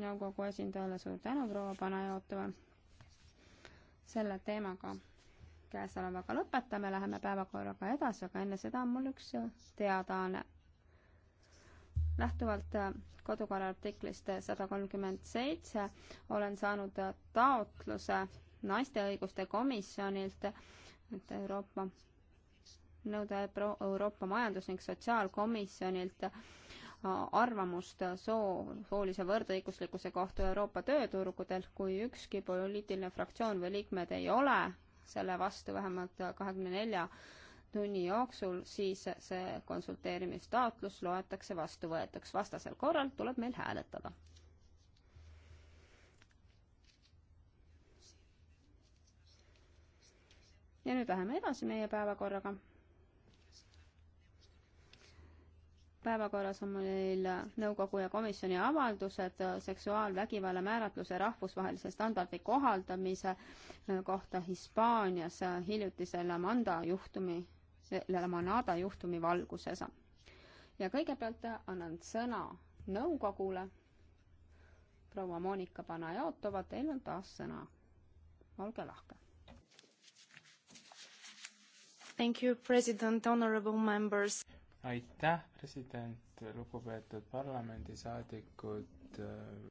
nõukogu esindajale suur tänu, proua Panajotova. selle teemaga käesolevaga lõpetame, läheme päevakorraga edasi, aga enne seda on mul üks teadaanne. lähtuvalt äh, kodukorra artiklist sada kolmkümmend seitse olen saanud taotluse naiste õiguste komisjonilt, et Euroopa nõuda Euroopa Majandus- ning Sotsiaalkomisjonilt arvamust soo, soolise võrdõiguslikkuse kohta Euroopa tööturgudel, kui ükski poliitiline fraktsioon või liikmed ei ole selle vastu vähemalt kahekümne nelja tunni jooksul, siis see konsulteerimistaotlus loetakse vastuvõetuks. vastasel korral tuleb meil hääletada. ja nüüd läheme edasi meie päevakorraga päevakorras on meil nõukogu ja komisjoni avaldused seksuaalvägivalla määratluse rahvusvahelise standardi kohaldamise kohta Hispaanias hiljutise La Manda juhtumi, La Manada juhtumi valguses. ja kõigepealt annan sõna nõukogule. proua Monika Panajotova, teil on taas sõna. olge lahke. Thank you, president, honorable members aitäh, president, lugupeetud parlamendisaadikud.